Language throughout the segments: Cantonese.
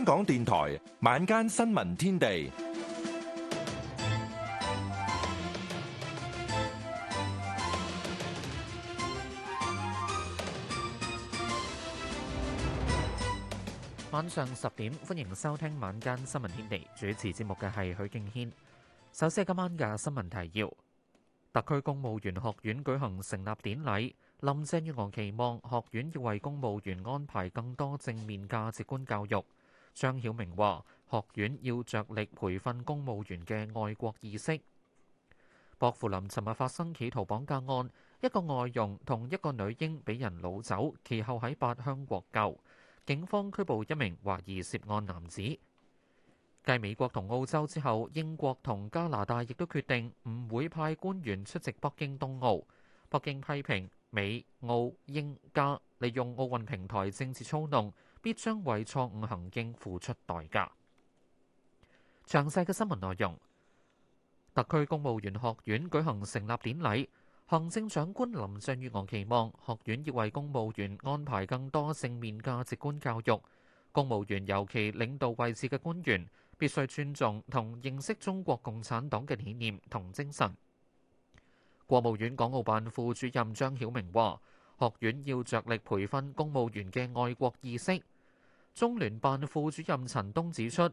香港電台晚間新聞天地，晚上十點歡迎收聽晚間新聞天地。主持節目嘅係許敬軒。首先係今晚嘅新聞提要：特區公務員學院舉行成立典禮，林鄭月娥期望學院要為公務員安排更多正面價值觀教育。張曉明話：學院要着力培訓公務員嘅愛國意識。薄扶林尋日發生企圖綁架案，一個外佣同一個女嬰俾人擄走，其後喺八鄉獲救。警方拘捕一名懷疑涉案男子。繼美國同澳洲之後，英國同加拿大亦都決定唔會派官員出席北京冬奧。北京批評美、澳、英、加利用奧運平台政治操弄。必將為錯誤行徑付出代價。詳細嘅新聞內容，特區公務員學院舉行成立典禮，行政長官林鄭月娥期望學院要為公務員安排更多正面價值觀教育，公務員尤其領導位置嘅官員，必須尊重同認識中國共產黨嘅理念同精神。國務院港澳辦副主任張曉明話：學院要着力培訓公務員嘅愛國意識，中聯辦副主任陳東指出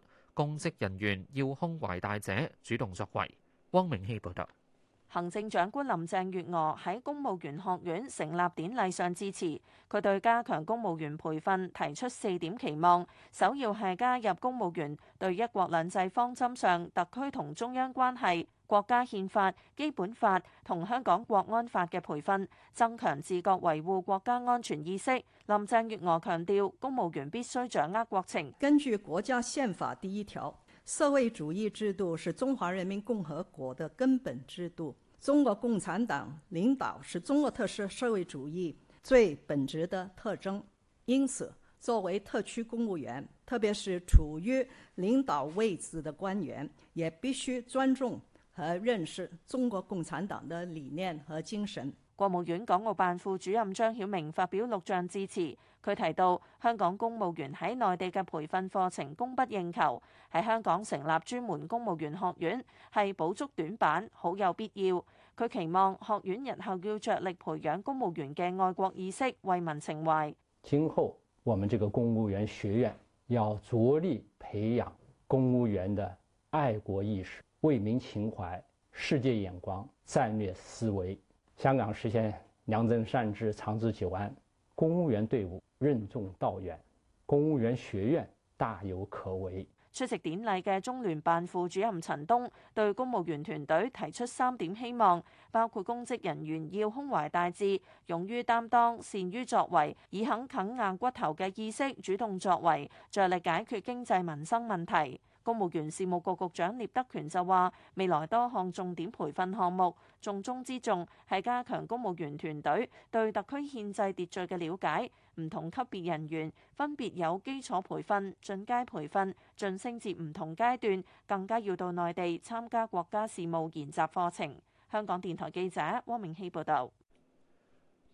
國家憲法、基本法同香港國安法嘅培訓，增強自覺維護國家安全意識。林鄭月娥強調，公務員必須掌握國情。根據國家憲法第一條，社會主義制度是中華人民共和國的根本制度。中國共產黨領導是中國特色社會主義最本質的特徵。因此，作為特區公務員，特別是處於領導位置的官員，也必須尊重。和認識中國共產黨的理念和精神。國務院港澳辦副主任張曉明發表錄像致辭，佢提到香港公務員喺內地嘅培訓課程供不應求，喺香港成立專門公務員學院係補足短板，好有必要。佢期望學院日後要着力培養公務員嘅愛國意識、為民情懷。今後我們這個公務員學院要着力培養公務員的愛國意識。為民情懷、世界眼光、戰略思維，香港實現良政善治、長治久安。公務員隊伍任重道遠，公務員學院大有可為。出席典禮嘅中聯辦副主任陳東對公務員團隊提出三點希望，包括公職人員要胸懷大志、勇於擔當、善於作為，以肯啃硬骨頭嘅意識主動作為，着力解決經濟民生問題。公務員事務局局長聶德權就話：未來多項重點培訓項目，重中之重係加強公務員團隊對特區憲制秩序嘅了解。唔同級別人員分別有基礎培訓、進階培訓、晉升至唔同階段，更加要到內地參加國家事務研習課程。香港電台記者汪明熙報道。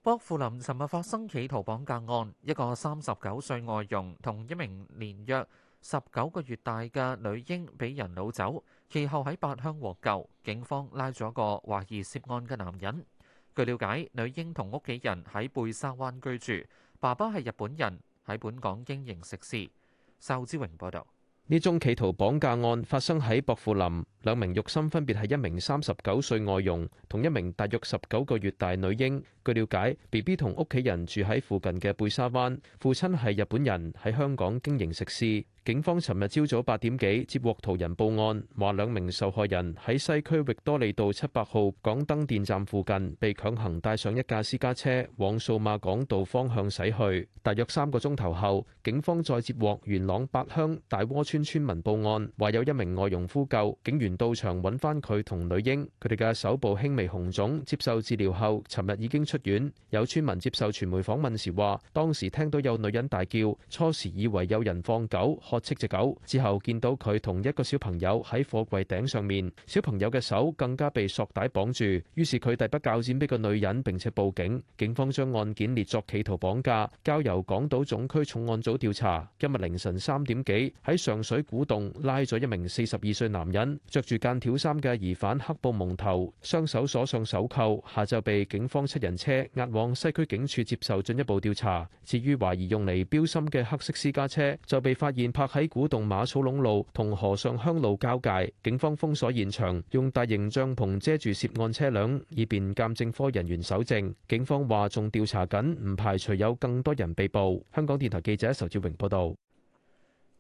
薄扶林尋日發生企圖綁架案，一個三十九歲外傭同一名年約十九個月大嘅女嬰俾人擄走，其後喺八鄉獲救。警方拉咗個懷疑涉案嘅男人。據了解，女嬰同屋企人喺貝沙灣居住，爸爸係日本人，喺本港經營食肆。周之榮報導。呢宗企圖綁架案發生喺薄扶林，兩名肉參分別係一名三十九歲外佣同一名大約十九個月大女嬰。據了解，BB 同屋企人住喺附近嘅貝沙灣，父親係日本人，喺香港經營食肆。警方尋日朝早八點幾接獲途人報案，話兩名受害人喺西區域多利道七百號港燈電站附近被強行帶上一架私家車往數碼港道方向駛去。大約三個鐘頭後，警方再接獲元朗八鄉大窩村村民報案，話有一名外傭呼救，警員到場搵返佢同女嬰，佢哋嘅手部輕微紅腫，接受治療後，尋日已經出院。有村民接受傳媒訪問時話，當時聽到有女人大叫，初時以為有人放狗。呵斥隻狗，之後見到佢同一個小朋友喺貨櫃頂上面，小朋友嘅手更加被索帶綁住。於是佢遞筆較剪俾個女人，並且報警。警方將案件列作企圖綁架，交由港島總區重案組調查。今日凌晨三點幾喺上水古洞拉咗一名四十二歲男人，着住間條衫嘅疑犯黑布蒙頭，雙手鎖上手扣，下晝被警方七人車押往西區警署接受進一步調查。至於懷疑用嚟標心嘅黑色私家車，就被發現拍喺古洞馬草壟路同河上鄉路交界，警方封鎖現場，用大型帳篷遮住涉案車輛，以便鑑證科人員搜證。警方話仲調查緊，唔排除有更多人被捕。香港電台記者仇志榮報道。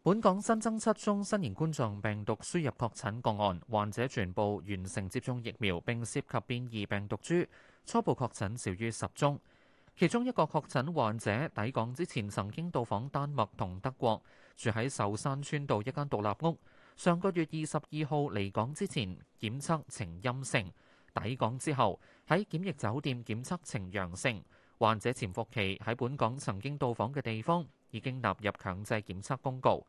本港新增七宗新型冠狀病毒輸入確診個案，患者全部完成接種疫苗，並涉及變異病毒株，初步確診少於十宗。其中一個確診患者抵港之前曾經到訪丹麥同德國。住喺壽山村道一間獨立屋。上個月二十二號離港之前檢測呈陰性，抵港之後喺檢疫酒店檢測呈陽性。患者潛伏期喺本港曾經到訪嘅地方已經納入強制檢測公告。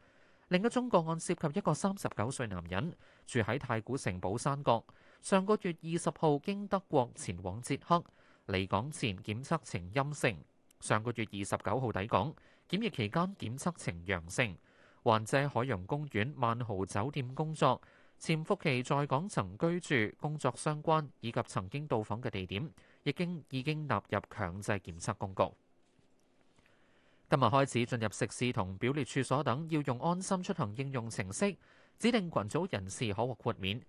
另一宗個案涉及一個三十九歲男人，住喺太古城寶山閣。上個月二十號經德國前往捷克，離港前檢測呈陰性，上個月二十九號抵港。檢疫期間檢測呈陽性，患者海洋公園、萬豪酒店工作，潛伏期在港曾居住、工作相關以及曾經到訪嘅地點，已經已經納入強制檢測公告。今日開始進入食肆同表列處所等，要用安心出行應用程式指定群組人士可獲豁免，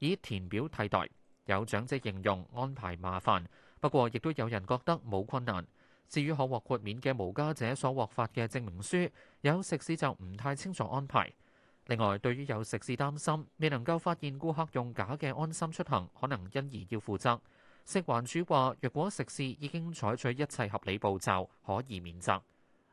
以填表替代。有長者形容安排麻煩，不過亦都有人覺得冇困難。至於可獲豁免嘅無家者所獲發嘅證明書，有食肆就唔太清楚安排。另外，對於有食肆擔心未能夠發現顧客用假嘅安心出行，可能因而要負責，食環署話若果食肆已經採取一切合理步驟，可以免責。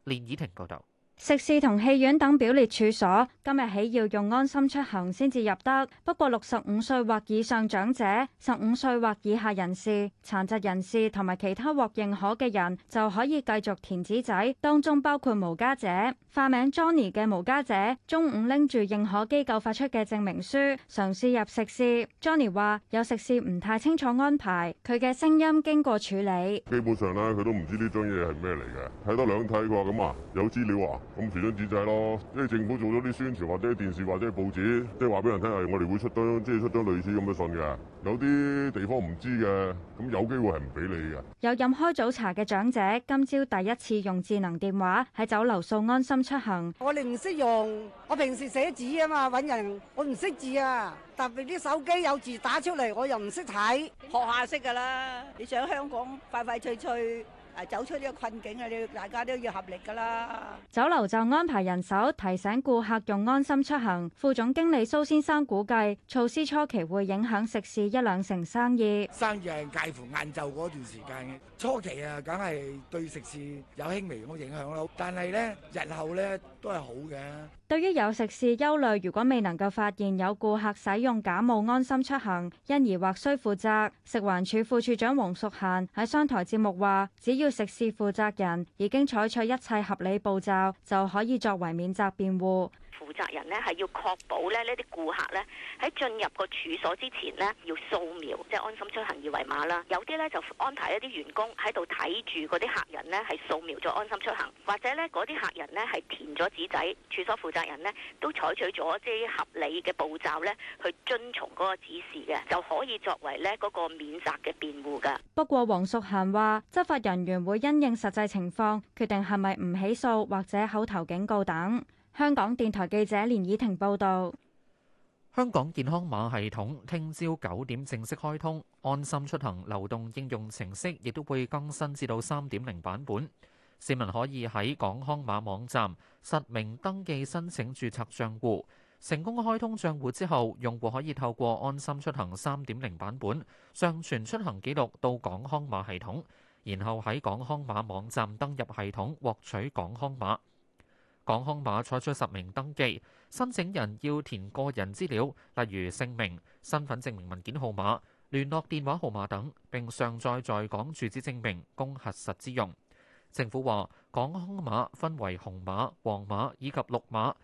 連倚婷報導。食肆同戲院等表列處所今日起要用安心出行先至入得，不過六十五歲或以上長者、十五歲或以下人士、殘疾人士同埋其他獲認可嘅人就可以繼續填紙仔，當中包括無家者。化名 Johnny 嘅無家者中午拎住認可機構發出嘅證明書嘗試入食肆。Johnny 話有食肆唔太清楚安排，佢嘅聲音經過處理。基本上呢，佢都唔知呢張嘢係咩嚟嘅，睇多兩睇佢話咁啊，有資料啊。咁隨身紙仔咯，即係政府做咗啲宣傳，或者電視，或者報紙，即係話俾人聽係我哋會出多，即係出多類似咁嘅信嘅。有啲地方唔知嘅，咁有機會係唔俾你嘅。有飲開早茶嘅長者，今朝第一次用智能電話喺酒樓掃安心出行。我哋唔識用，我平時寫字啊嘛，揾人我唔識字啊，特別啲手機有字打出嚟，我又唔識睇，學下識噶啦。你想香港快快脆脆，誒走出呢個困境啊！你大家都要合力㗎啦。酒樓就安排人手提醒顧客用安心出行。副總經理蘇先生估計，措施初期會影響食肆一兩成生意。生意係介乎晏晝嗰段時間嘅初期啊，梗係對食肆有輕微嘅影響囉。但係咧，日後咧都係好嘅。對於有食肆憂慮，如果未能夠發現有顧客使用假冒安心出行，因而或需負責，食環署副署長黃淑嫻喺商台節目話：只要食肆負責人已經採取一切合理步驟，就可以作為免責辯護。負責人咧係要確保咧呢啲顧客咧喺進入個處所之前咧要掃描。安心出行二維碼啦，有啲咧就安排一啲員工喺度睇住嗰啲客人呢，係掃描咗安心出行，或者呢嗰啲客人呢，係填咗紙仔，處所負責人呢，都採取咗即係合理嘅步驟呢，去遵從嗰個指示嘅，就可以作為呢嗰個免責嘅辯護噶。不過黃淑嫻話，執法人員會因應實際情況，決定係咪唔起訴或者口頭警告等。香港電台記者連倚婷報道。香港健康碼系統聽朝九點正式開通，安心出行流動應用程式亦都會更新至到三點零版本。市民可以喺港康碼網站實名登記申請註冊賬戶，成功開通賬戶之後，用戶可以透過安心出行三點零版本上傳出行記錄到港康碼系統，然後喺港康碼網站登入系統獲取港康碼。港康碼採取實名登記。申請人要填個人資料，例如姓名、身份證明文件號碼、聯絡電話號碼等，並上載在港住址證明，供核實之用。政府話，港康碼分為紅碼、黃碼以及綠碼，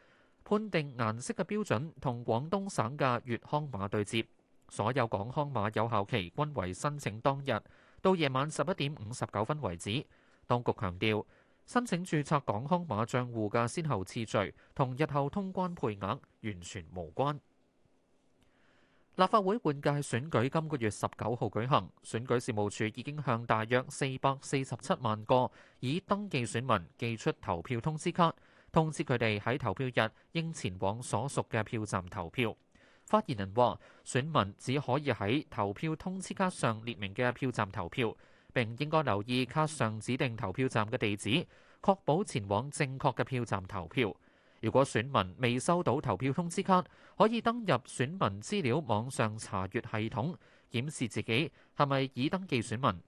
判定顏色嘅標準同廣東省嘅粵康碼對接。所有港康碼有效期均為申請當日，到夜晚十一點五十九分為止。當局強調，申請註冊港康碼賬戶嘅先後次序同日後通關配額完全無關。立法會換屆選舉今個月十九號舉行，選舉事務處已經向大約四百四十七萬個已登記選民寄出投票通知卡，通知佢哋喺投票日應前往所屬嘅票站投票。發言人話：選民只可以喺投票通知卡上列明嘅票站投票。並應該留意卡上指定投票站嘅地址，確保前往正確嘅票站投票。如果選民未收到投票通知卡，可以登入選民資料網上查閲系統，檢視自己係咪已登記選民，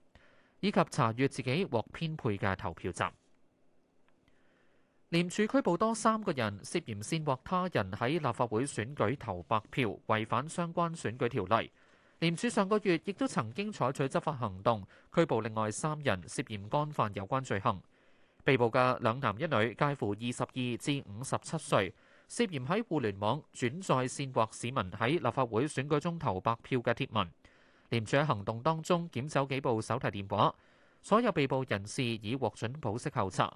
以及查閲自己獲編配嘅投票站。廉署拘捕多三個人，涉嫌煽惑他人喺立法會選舉投白票，違反相關選舉條例。廉署上個月亦都曾經採取執法行動，拘捕另外三人涉嫌干犯有關罪行。被捕嘅兩男一女，介乎二十二至五十七歲，涉嫌喺互聯網轉載煽惑市民喺立法會選舉中投白票嘅帖文。廉署喺行動當中檢走幾部手提電話。所有被捕人士已獲准保釋候查。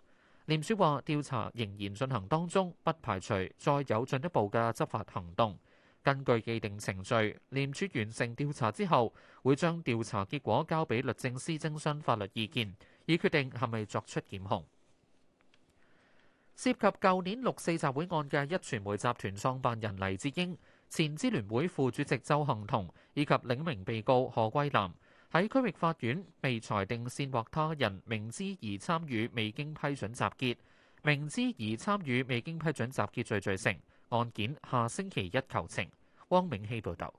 廉署話調查仍然進行當中，不排除再有進一步嘅執法行動。根據既定程序，廉署完成調查之後，會將調查結果交俾律政司徵詢法律意見，以決定係咪作出檢控。涉及舊年六四集會案嘅壹傳媒集團創辦人黎智英、前支聯會副主席周幸彤，以及兩名被告何桂南，喺區域法院被裁定煽惑他人明知而參與未經批准集結、明知而參與未經批准集結罪罪成。案件下星期一求情。汪銘希報道，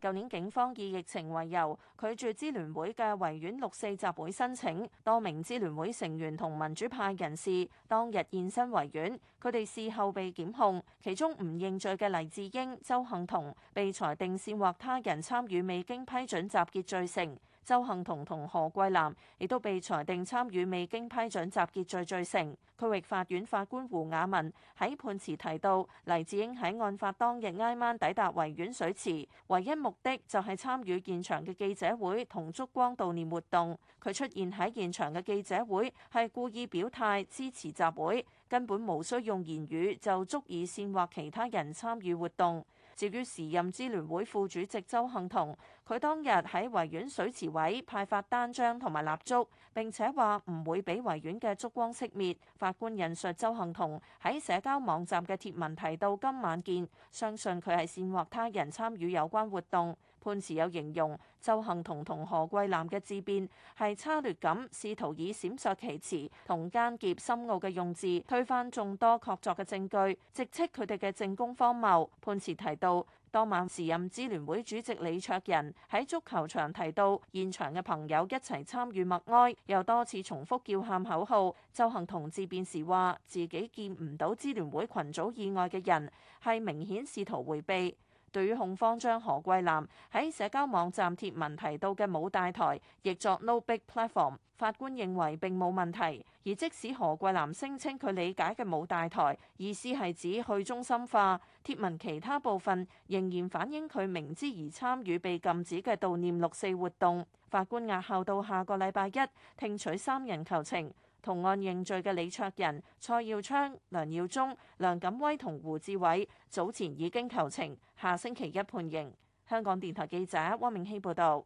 舊年警方以疫情為由，拒絕支聯會嘅維園六四集會申請。多名支聯會成員同民主派人士當日現身維園，佢哋事後被檢控，其中唔認罪嘅黎智英、周幸彤被裁定煽惑他人參與未經批准集結罪成。鄒幸彤同何桂藍亦都被裁定參與未經批准集結罪罪成。區域法院法官胡雅文喺判詞提到，黎智英喺案發當日挨晚抵達維園水池，唯一目的就係參與現場嘅記者會同燭光悼念活動。佢出現喺現場嘅記者會係故意表態支持集會，根本無需用言語就足以煽惑其他人參與活動。至於時任支聯會副主席周幸彤，佢當日喺維園水池位派發單張同埋蠟燭，並且話唔會俾維園嘅燭光熄滅。法官引述周幸彤喺社交網站嘅貼文提到今晚見，相信佢係煽惑他人參與有關活動。判詞有形容鄒幸彤同何桂藍嘅自辯，係差劣感，試圖以閃爍其詞同間諜深奧嘅用字推翻眾多確鑿嘅證據，直斥佢哋嘅證供荒謬。判詞提到，當晚時任支聯會主席李卓人喺足球場提到，現場嘅朋友一齊參與默哀，又多次重複叫喊口號。鄒幸彤自辯時話自己見唔到支聯會群組以外嘅人，係明顯試圖回避。對於控方將何桂藍喺社交網站貼文提到嘅冇大台，亦作 No Big Platform，法官認為並冇問題。而即使何桂藍聲稱佢理解嘅冇大台意思係指去中心化，貼文其他部分仍然反映佢明知而參與被禁止嘅悼念六四活動。法官押後到下個禮拜一聽取三人求情。同案認罪嘅李卓人、蔡耀昌、梁耀忠、梁錦威同胡志偉早前已經求情，下星期一判刑。香港電台記者汪明希報道。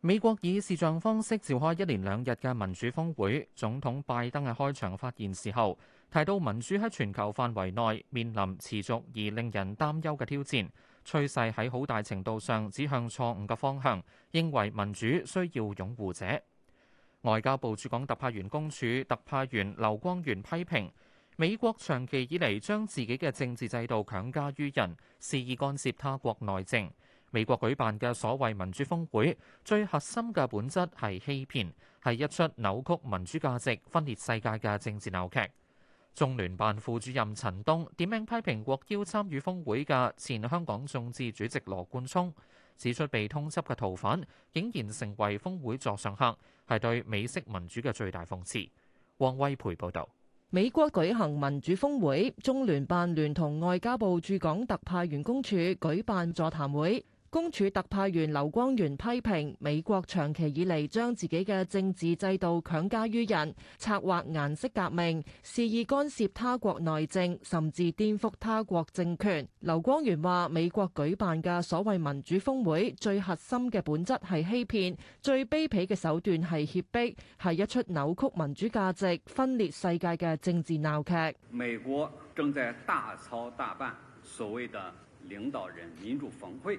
美國以視像方式召開一連兩日嘅民主峰會，總統拜登喺開場發言時候提到，民主喺全球範圍內面臨持續而令人擔憂嘅挑戰，趨勢喺好大程度上指向錯誤嘅方向，認為民主需要擁護者。外交部駐港特派員公署特派員劉光源批評美國長期以嚟將自己嘅政治制度強加於人，肆意干涉他國內政。美國舉辦嘅所謂民主峰會最核心嘅本質係欺騙，係一出扭曲民主價值、分裂世界嘅政治鬧劇。中聯辦副主任陳東點名批評國邀參與峰會嘅前香港眾志主席羅冠聰。指出被通緝嘅逃犯竟然成為峰會座上客，係對美式民主嘅最大諷刺。王威培報道，美國舉行民主峰會，中聯辦聯同外交部駐港特派員公署舉辦座談會。公署特派員劉光源批評美國長期以嚟將自己嘅政治制度強加於人，策劃顏色革命，肆意干涉他國內政，甚至顛覆他國政權。劉光源話：美國舉辦嘅所謂民主峰會，最核心嘅本質係欺騙，最卑鄙嘅手段係脅迫，係一出扭曲民主價值、分裂世界嘅政治鬧劇。美國正在大操大辦所謂嘅領導人民主峰會。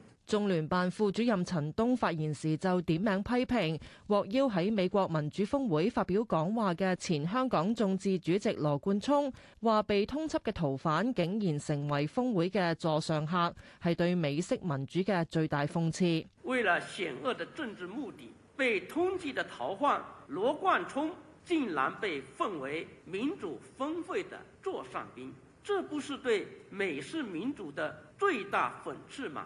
中聯辦副主任陳東發言時就點名批評，獲邀喺美國民主峰會發表講話嘅前香港眾志主席羅冠聰，話被通緝嘅逃犯竟然成為峰會嘅座上客，係對美式民主嘅最大諷刺。為了險惡嘅政治目的，被通緝嘅逃犯羅冠聰竟然被奉為民主峰會嘅座上賓，這不是對美式民主的最大諷刺嗎？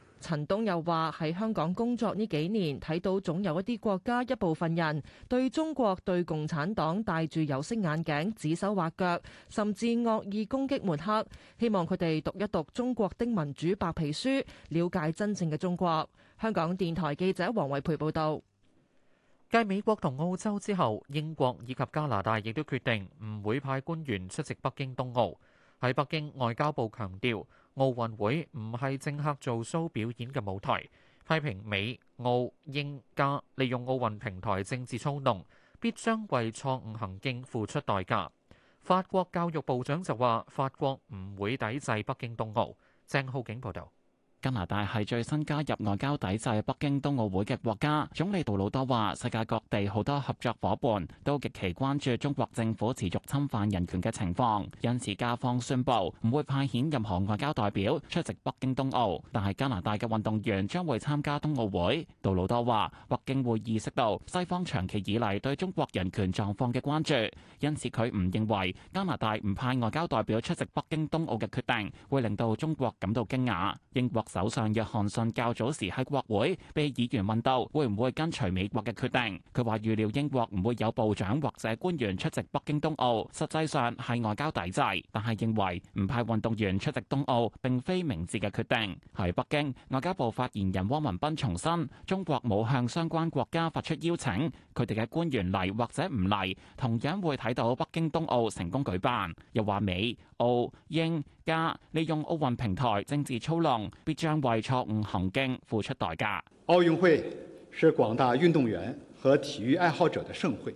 陳東又話：喺香港工作呢幾年，睇到總有一啲國家一部分人對中國、對共產黨戴住有色眼鏡，指手畫腳，甚至惡意攻擊抹黑。希望佢哋讀一讀中國的民主白皮書，了解真正嘅中國。香港電台記者黃惠培報道。繼美國同澳洲之後，英國以及加拿大亦都決定唔會派官員出席北京冬奧。喺北京，外交部強調。奧運會唔係政客做 show 表演嘅舞台，批評美、澳、英、加利用奧運平台政治操弄，必將為錯誤行徑付出代價。法國教育部長就話：法國唔會抵制北京冬奧。鄭浩景報道。加拿大係最新加入外交抵制北京冬奧會嘅國家。總理杜魯多話：世界各地好多合作夥伴都極其關注中國政府持續侵犯人權嘅情況，因此加方宣布唔會派遣任何外交代表出席北京冬奧。但係加拿大嘅運動員將會參加冬奧會。杜魯多話：北京會意識到西方長期以嚟對中國人權狀況嘅關注，因此佢唔認為加拿大唔派外交代表出席北京冬奧嘅決定會令到中國感到驚訝。英國。首相約翰遜較早時喺國會被議員問到會唔會跟隨美國嘅決定，佢話預料英國唔會有部長或者官員出席北京冬奧，實際上係外交抵制。但係認為唔派運動員出席冬奧並非明智嘅決定。喺北京，外交部發言人汪文斌重申，中國冇向相關國家發出邀請，佢哋嘅官員嚟或者唔嚟，同樣會睇到北京冬奧成功舉辦。又話美、澳、英。加利用奧運平台政治操弄，必將為錯誤行徑付出代價。奧運會是廣大運動員和體育愛好者的盛會，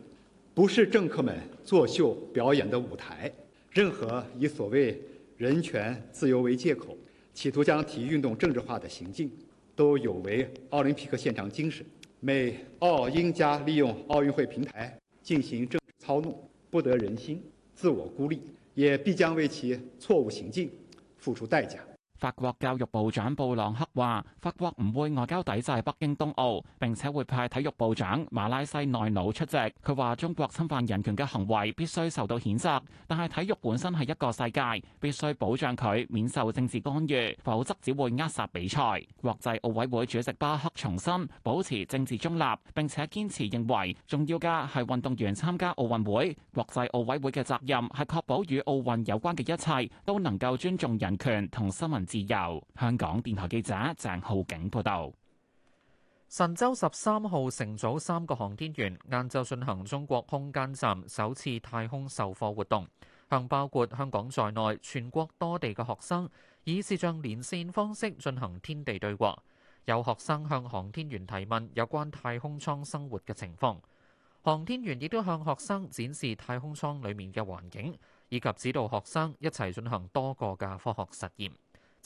不是政客們作秀表演的舞台。任何以所謂人權自由為借口，企圖將體育運動政治化的行徑，都有違奧林匹克憲章精神。美、澳、英加利用奧運會平台進行政治操弄，不得人心，自我孤立。也必將為其錯誤行徑付出代價。法國教育部長布朗克話：法國唔會外交抵制北京冬奧，並且會派體育部長馬拉西內努出席。佢話：中國侵犯人權嘅行為必須受到譴責，但係體育本身係一個世界，必須保障佢免受政治干預，否則只會扼殺比賽。國際奧委會主席巴克重申保持政治中立，並且堅持認為重要嘅係運動員參加奧運會。國際奧委會嘅責任係確保與奧運有關嘅一切都能夠尊重人權同新聞。自由。香港電台記者鄭浩景報道，神舟十三號乘組三個航天員晏晝進行中國空間站首次太空授課活動，向包括香港在內全國多地嘅學生以視像連線方式進行天地對話。有學生向航天員提問有關太空艙生活嘅情況，航天員亦都向學生展示太空艙裏面嘅環境，以及指導學生一齊進行多個嘅科學實驗。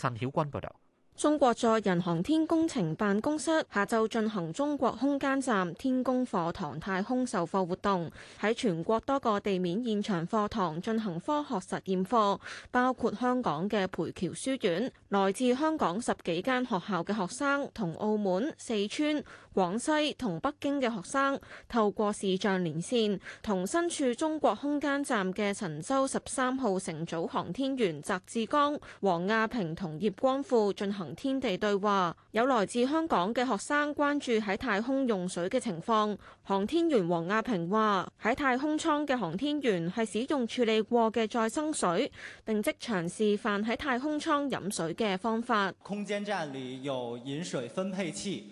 陳曉君報道：中國載人航天工程辦公室下晝進行中國空間站天宮課堂太空授課活動，喺全國多個地面現場課堂進行科學實驗課，包括香港嘅培僑書院，來自香港十幾間學校嘅學生同澳門、四川，廣西同北京嘅學生透過視像連線，同身處中國空間站嘅神舟十三號乘組航天員翟志剛、王亞平同葉光富進行天地對話。有來自香港嘅學生關注喺太空用水嘅情況，航天員王亞平話：喺太空艙嘅航天員係使用處理過嘅再生水，並即場示範喺太空艙飲水嘅方法。空間站裏有飲水分配器。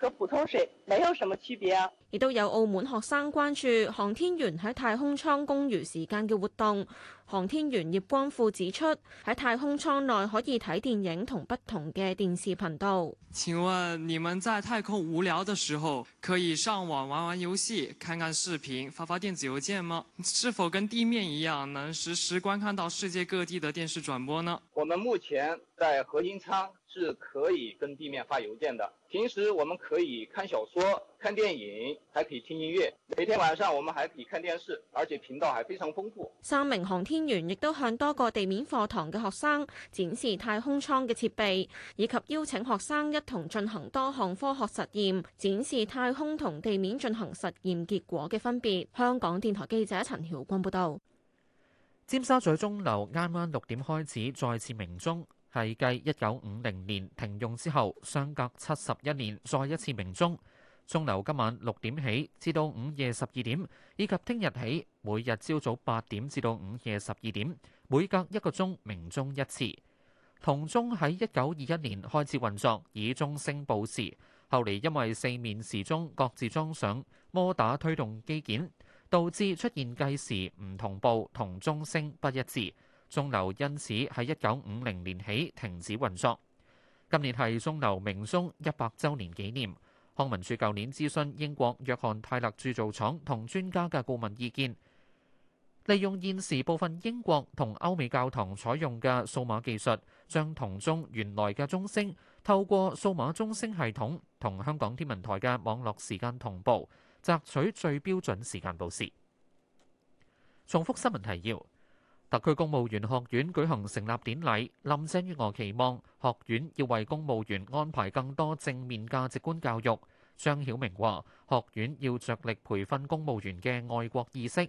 和普通水沒有什麼區別啊，亦都有澳門學生關注航天員喺太空艙公餘時間嘅活動。航天員葉光富指出，喺太空艙內可以睇電影同不同嘅電視頻道。請問你們在太空無聊的時候可以上網玩玩遊戲、看看視頻、發發電子郵件嗎？是否跟地面一樣能實時觀看到世界各地的電視轉播呢？我們目前在核心艙。是可以跟地面發郵件的。平時我們可以看小說、看電影，還可以聽音樂。每天晚上我們還可以看電視，而且頻道還非常豐富。三名航天員亦都向多個地面課堂嘅學生展示太空艙嘅設備，以及邀請學生一同進行多項科學實驗，展示太空同地面進行實驗結果嘅分別。香港電台記者陳曉君報道。尖沙咀鐘樓啱啱六點開始再次鳴鐘。係繼一九五零年停用之後，相隔七十一年再一次鳴鐘。鐘樓今晚六點起至到午夜十二點，以及聽日起每日朝早八點至到午夜十二點，每隔一個鐘鳴鐘一次。銅鐘喺一九二一年開始運作，以鐘聲報時。後嚟因為四面時鐘各自裝上摩打推動機件，導致出現計時唔同步同鐘聲不一致。鐘樓因此喺一九五零年起停止運作。今年係鐘樓鳴鐘一百周年紀念。康文署舊年諮詢英國約翰泰勒鑄造廠同專家嘅顧問意見，利用現時部分英國同歐美教堂採用嘅數碼技術，將銅鐘原來嘅鐘聲透過數碼鐘聲系統同香港天文台嘅網絡時間同步，摘取最標準時間報時。重複新聞提要。特區公務員學院舉行成立典禮，林鄭月娥期望學院要為公務員安排更多正面價值觀教育。張曉明話：學院要着力培訓公務員嘅愛國意識。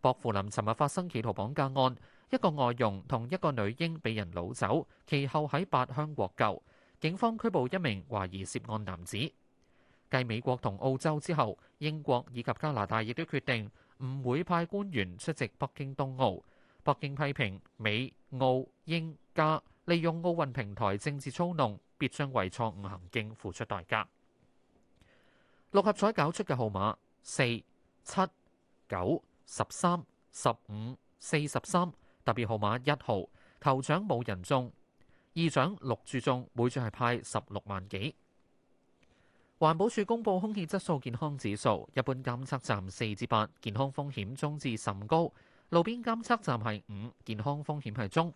薄扶林尋日發生企圖綁架案，一個外佣同一個女嬰被人擄走，其後喺八鄉獲救。警方拘捕一名懷疑涉案男子。繼美國同澳洲之後，英國以及加拿大亦都決定唔會派官員出席北京冬奧。北京批評美、澳、英、加利用奧運平台政治操弄，必將為錯誤行徑付出代價。六合彩搞出嘅號碼：四、七、九、十三、十五、四十三。特別號碼一號，頭獎冇人中，二獎六注中，每注係派十六萬幾。環保署公布空氣質素健康指數，一般監測站四至八，8，健康風險中至甚高。路邊監測站係五，健康風險係中。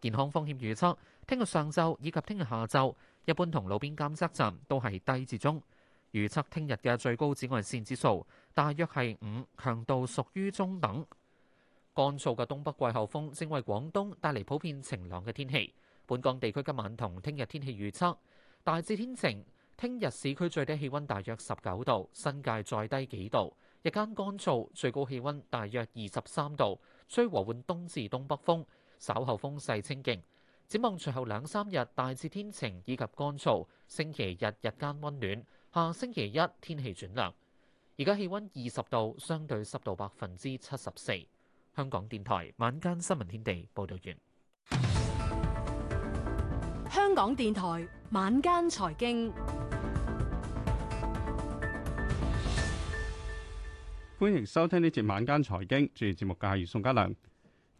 健康風險預測，聽日上晝以及聽日下晝，一般同路邊監測站都係低至中。預測聽日嘅最高紫外線指數大約係五，強度屬於中等。乾燥嘅東北季候風正為廣東帶嚟普遍晴朗嘅天氣。本港地區今晚同聽日天氣預測，大致天晴。聽日市區最低氣溫大約十九度，新界再低幾度。日間乾燥，最高氣溫大約二十三度，吹和緩東至東北風，稍後風勢清勁。展望隨後兩三日，大致天晴以及乾燥。星期日日間溫暖，下星期一天氣轉涼。而家氣溫二十度，相對濕度百分之七十四。香港電台晚間新聞天地報道完。香港電台晚間財經。歡迎收聽呢節晚間財經，主持節目嘅係宋嘉良。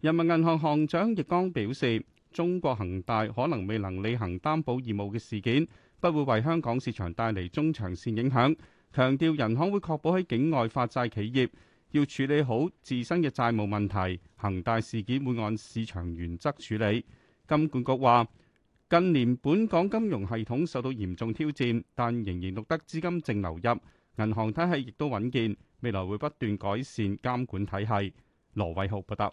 人民銀行行長易綱表示，中國恒大可能未能履行擔保義務嘅事件，不會為香港市場帶嚟中長線影響。強調人行會確保喺境外發債企業要處理好自身嘅債務問題。恒大事件會按市場原則處理。金管局話，近年本港金融系統受到嚴重挑戰，但仍然錄得資金淨流入。銀行體系亦都穩健，未來會不斷改善監管體系。羅偉浩報道。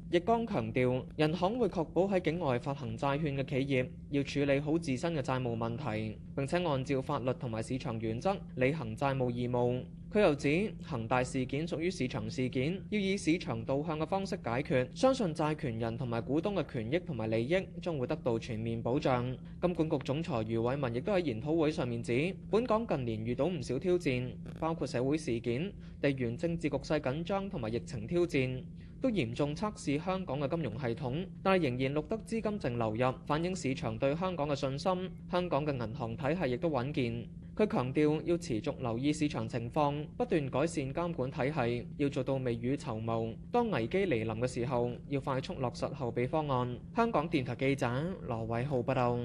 易綱強調，人行會確保喺境外發行債券嘅企業要處理好自身嘅債務問題，並且按照法律同埋市場原則履行債務義務。佢又指，恒大事件屬於市場事件，要以市場導向嘅方式解決，相信債權人同埋股東嘅權益同埋利益將會得到全面保障。金管局總裁余偉文亦都喺研討會上面指，本港近年遇到唔少挑戰，包括社會事件、地緣政治局勢緊張同埋疫情挑戰。都嚴重測試香港嘅金融系統，但係仍然錄得資金淨流入，反映市場對香港嘅信心。香港嘅銀行體系亦都穩健。佢強調要持續留意市場情況，不斷改善監管體系，要做到未雨綢繆。當危機嚟臨嘅時候，要快速落實後備方案。香港電台記者羅偉浩報道。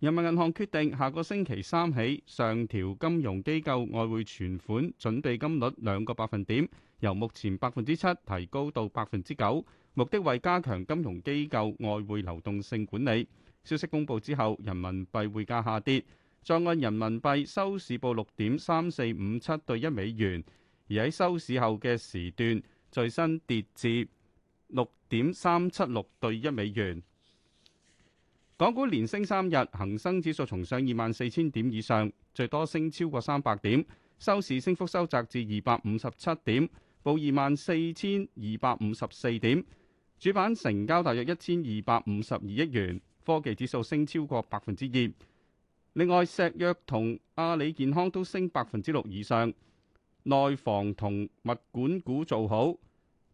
人民銀行決定下個星期三起上調金融機構外匯存款準備金率兩個百分點。由目前百分之七提高到百分之九，目的為加強金融機構外匯流動性管理。消息公布之後，人民幣匯價下跌，在岸人民幣收市報六點三四五七對一美元，而喺收市後嘅時段，最新跌至六點三七六對一美元。港股連升三日，恒生指數重上二萬四千點以上，最多升超過三百點，收市升幅收窄至二百五十七點。報二萬四千二百五十四點，主板成交大約一千二百五十二億元。科技指數升超過百分之二。另外，石藥同阿里健康都升百分之六以上。內房同物管股做好，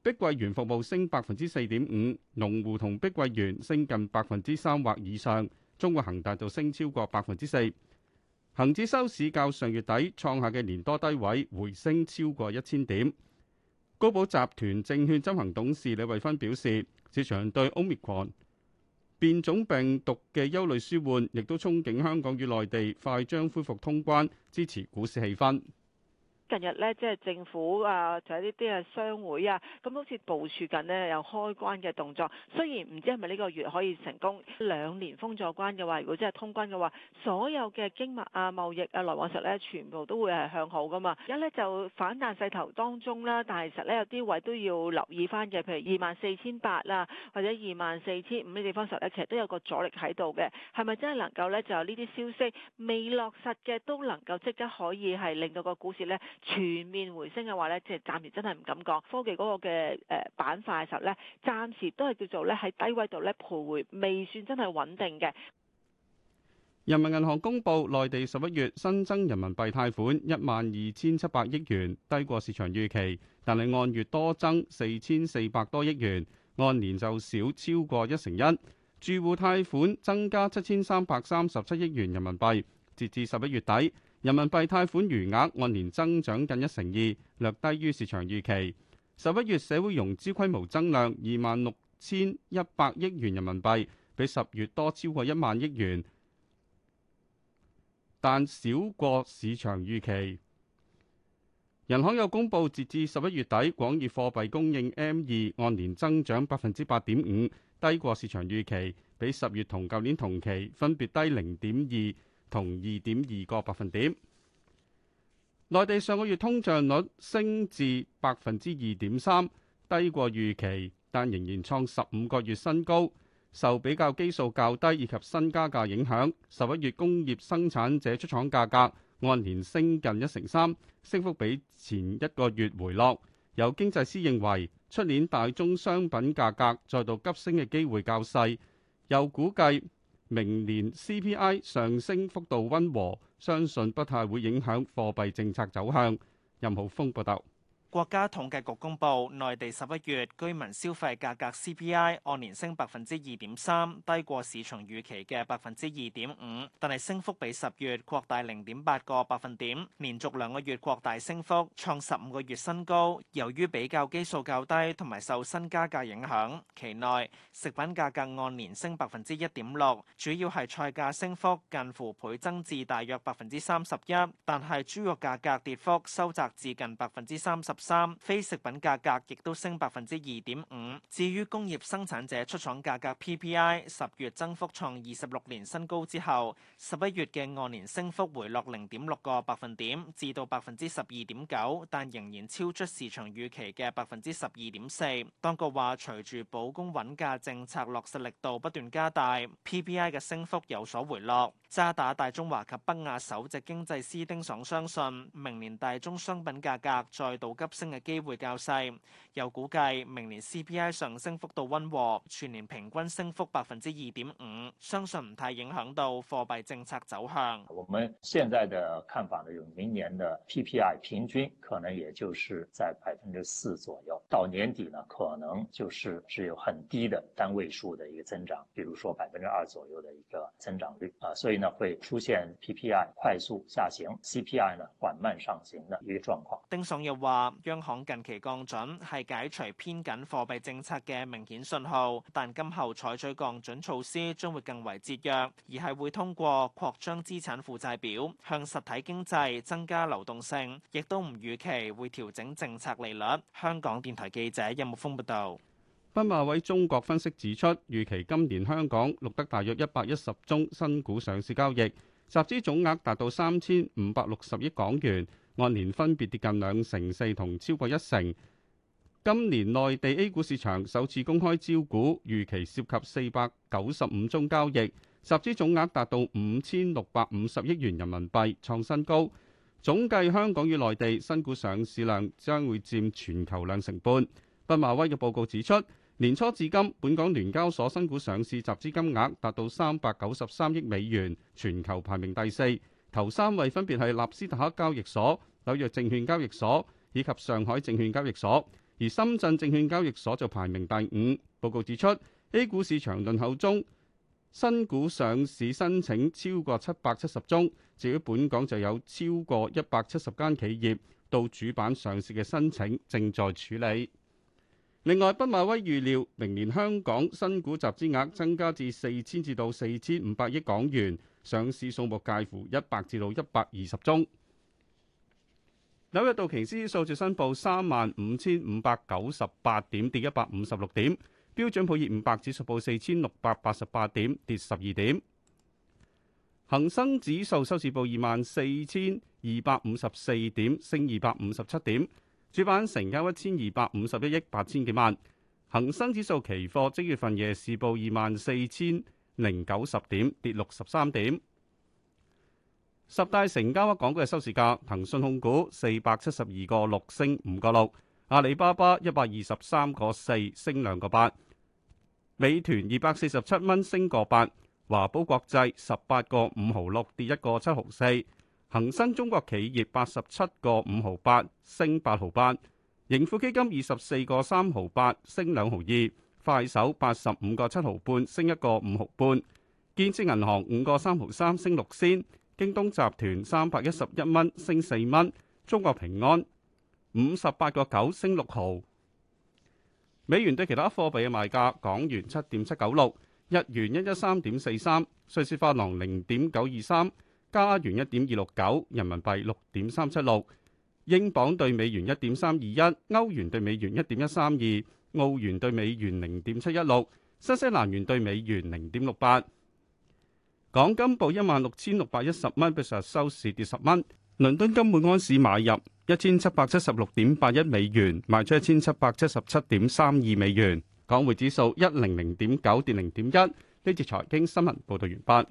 碧桂園服務升百分之四點五，龍湖同碧桂園升近百分之三或以上。中國恒大就升超過百分之四。恒指收市較上月底創下嘅年多低位，回升超過一千點。高寶集團證券執行董事李慧芬表示，市場對歐密克變種病毒嘅憂慮舒緩，亦都憧憬香港與內地快將恢復通關，支持股市氣氛。近日咧，即係政府啊，就係呢啲啊商會啊，咁好似部署緊呢有開關嘅動作。雖然唔知係咪呢個月可以成功，兩年封咗關嘅話，如果真係通關嘅話，所有嘅經貿啊、貿易啊來往實咧，全部都會係向好噶嘛。而家咧就反彈勢頭當中啦，但係實咧有啲位都要留意翻嘅，譬如二萬四千八啊，或者二萬四千五呢地方實咧，其實都有個阻力喺度嘅。係咪真係能夠咧？就呢啲消息未落實嘅，都能夠即刻可以係令到個股市咧？全面回升嘅話呢，即係暫時真係唔敢講，科技嗰個嘅誒板塊嘅時候咧，暫時都係叫做呢喺低位度咧徘徊，未算真係穩定嘅。人民銀行公布，內地十一月新增人民幣貸款一萬二千七百億元，低過市場預期，但係按月多增四千四百多億元，按年就少超過一成一。住戶貸款增加七千三百三十七億元人民幣，截至十一月底。人民幣貸款餘額按年增長近一成二，略低於市場預期。十一月社會融資規模增量二萬六千一百億元人民幣，比十月多超過一萬億元，但少過市場預期。人行又公布截至十一月底，廣義貨幣供應 M 二按年增長百分之八點五，低過市場預期，比十月同舊年同期分別低零點二同二點二個百分點。內地上個月通脹率升至百分之二點三，低過預期，但仍然創十五個月新高。受比較基數較低以及新加價影響，十一月工業生產者出廠價格按年升近一成三，升幅比前一個月回落。有經濟師認為，出年大宗商品價格再度急升嘅機會較細。又估計。明年 CPI 上升幅度溫和，相信不太會影響貨幣政策走向。任浩峰報道。國家統計局公布，內地十一月居民消費價格 CPI 按年升百分之二點三，低過市場預期嘅百分之二點五，但係升幅比十月擴大零點八個百分點，連續兩個月擴大升幅，創十五個月新高。由於比較基數較低，同埋受新加價影響，期內食品價格按年升百分之一點六，主要係菜價升幅近乎倍增至大約百分之三十一，但係豬肉價格跌幅收窄至近百分之三十。三非食品價格亦都升百分之二點五。至於工業生產者出廠價格 PPI，十月增幅創二十六年新高之後，十一月嘅按年升幅回落零點六個百分點，至到百分之十二點九，但仍然超出市場預期嘅百分之十二點四。當局話，隨住保供穩價政策落實力度不斷加大，PPI 嘅升幅有所回落。渣打大中華及北亞首席經濟師丁爽相信，明年大宗商品價格再度急升嘅機會較細。又估計明年 CPI 上升幅度溫和，全年平均升幅百分之二點五，相信唔太影響到貨幣政策走向。我們現在的看法呢，有明年的 PPI 平均可能也就是在百分之四左右，到年底呢，可能就是只有很低的單位數嘅一個增長，比如說百分之二左右嘅一個增長率啊，所以。呢會出現 PPI 快速下行，CPI 呢緩慢上行嘅一個狀況。丁爽又話，央行近期降準係解除偏緊貨幣政策嘅明顯信號，但今後採取降準措施將會更為節約，而係會通過擴張資產負債表向實體經濟增加流動性，亦都唔預期會調整政策利率。香港電台記者任木峰報道。畢馬威中國分析指出，預期今年香港錄得大約一百一十宗新股上市交易，集資總額達到三千五百六十億港元，按年分別跌近兩成四同超過一成。今年內地 A 股市場首次公開招股，預期涉及四百九十五宗交易，集資總額達到五千六百五十億元人民幣，創新高。總計香港與內地新股上市量將會佔全球兩成半。畢馬威嘅報告指出，年初至今，本港聯交所新股上市集資金額達到三百九十三億美元，全球排名第四。頭三位分別係納斯達克交易所、紐約證券交易所以及上海證券交易所，而深圳證券交易所就排名第五。報告指出，A 股市場輪候中，新股上市申請超過七百七十宗，至於本港就有超過一百七十間企業到主板上市嘅申請正在處理。另外，畢馬威預料明年香港新股集資額增加至四千至到四千五百億港元，上市數目介乎一百至到一百二十宗。紐約道瓊斯數字新報三萬五千五百九十八點，跌一百五十六點，標準普爾五百指數報四千六百八十八點，跌十二點，恒生指數收市報二萬四千二百五十四點，升二百五十七點。主板成交一千二百五十一億八千幾萬，恒生指數期貨即月份夜市報二萬四千零九十點，跌六十三點。十大成交額港股嘅收市價：騰訊控股四百七十二個六升五個六，阿里巴巴一百二十三個四升兩個八，美團二百四十七蚊升個八，華寶國際十八個五毫六跌一個七毫四。恒生中國企業八十七個五毫八升八毫八，盈富基金二十四個三毫八升兩毫二，快手八十五個七毫半升一個五毫半，建設銀行五個三毫三升六仙，京東集團三百一十一蚊升四蚊，中國平安五十八個九升六毫，美元對其他貨幣嘅賣價：港元七點七九六，日元一一三點四三，瑞士法郎零點九二三。加元一點二六九，9, 人民幣六點三七六，英鎊對美元一點三二一，歐元對美元一點一三二，澳元對美元零點七一六，新西蘭元對美元零點六八。港金報一萬六千六百一十蚊，比實收市跌十蚊。倫敦金每安士買入一千七百七十六點八一美元，賣出一千七百七十七點三二美元。港匯指數一零零點九跌零點一。呢節財經新聞報道完畢。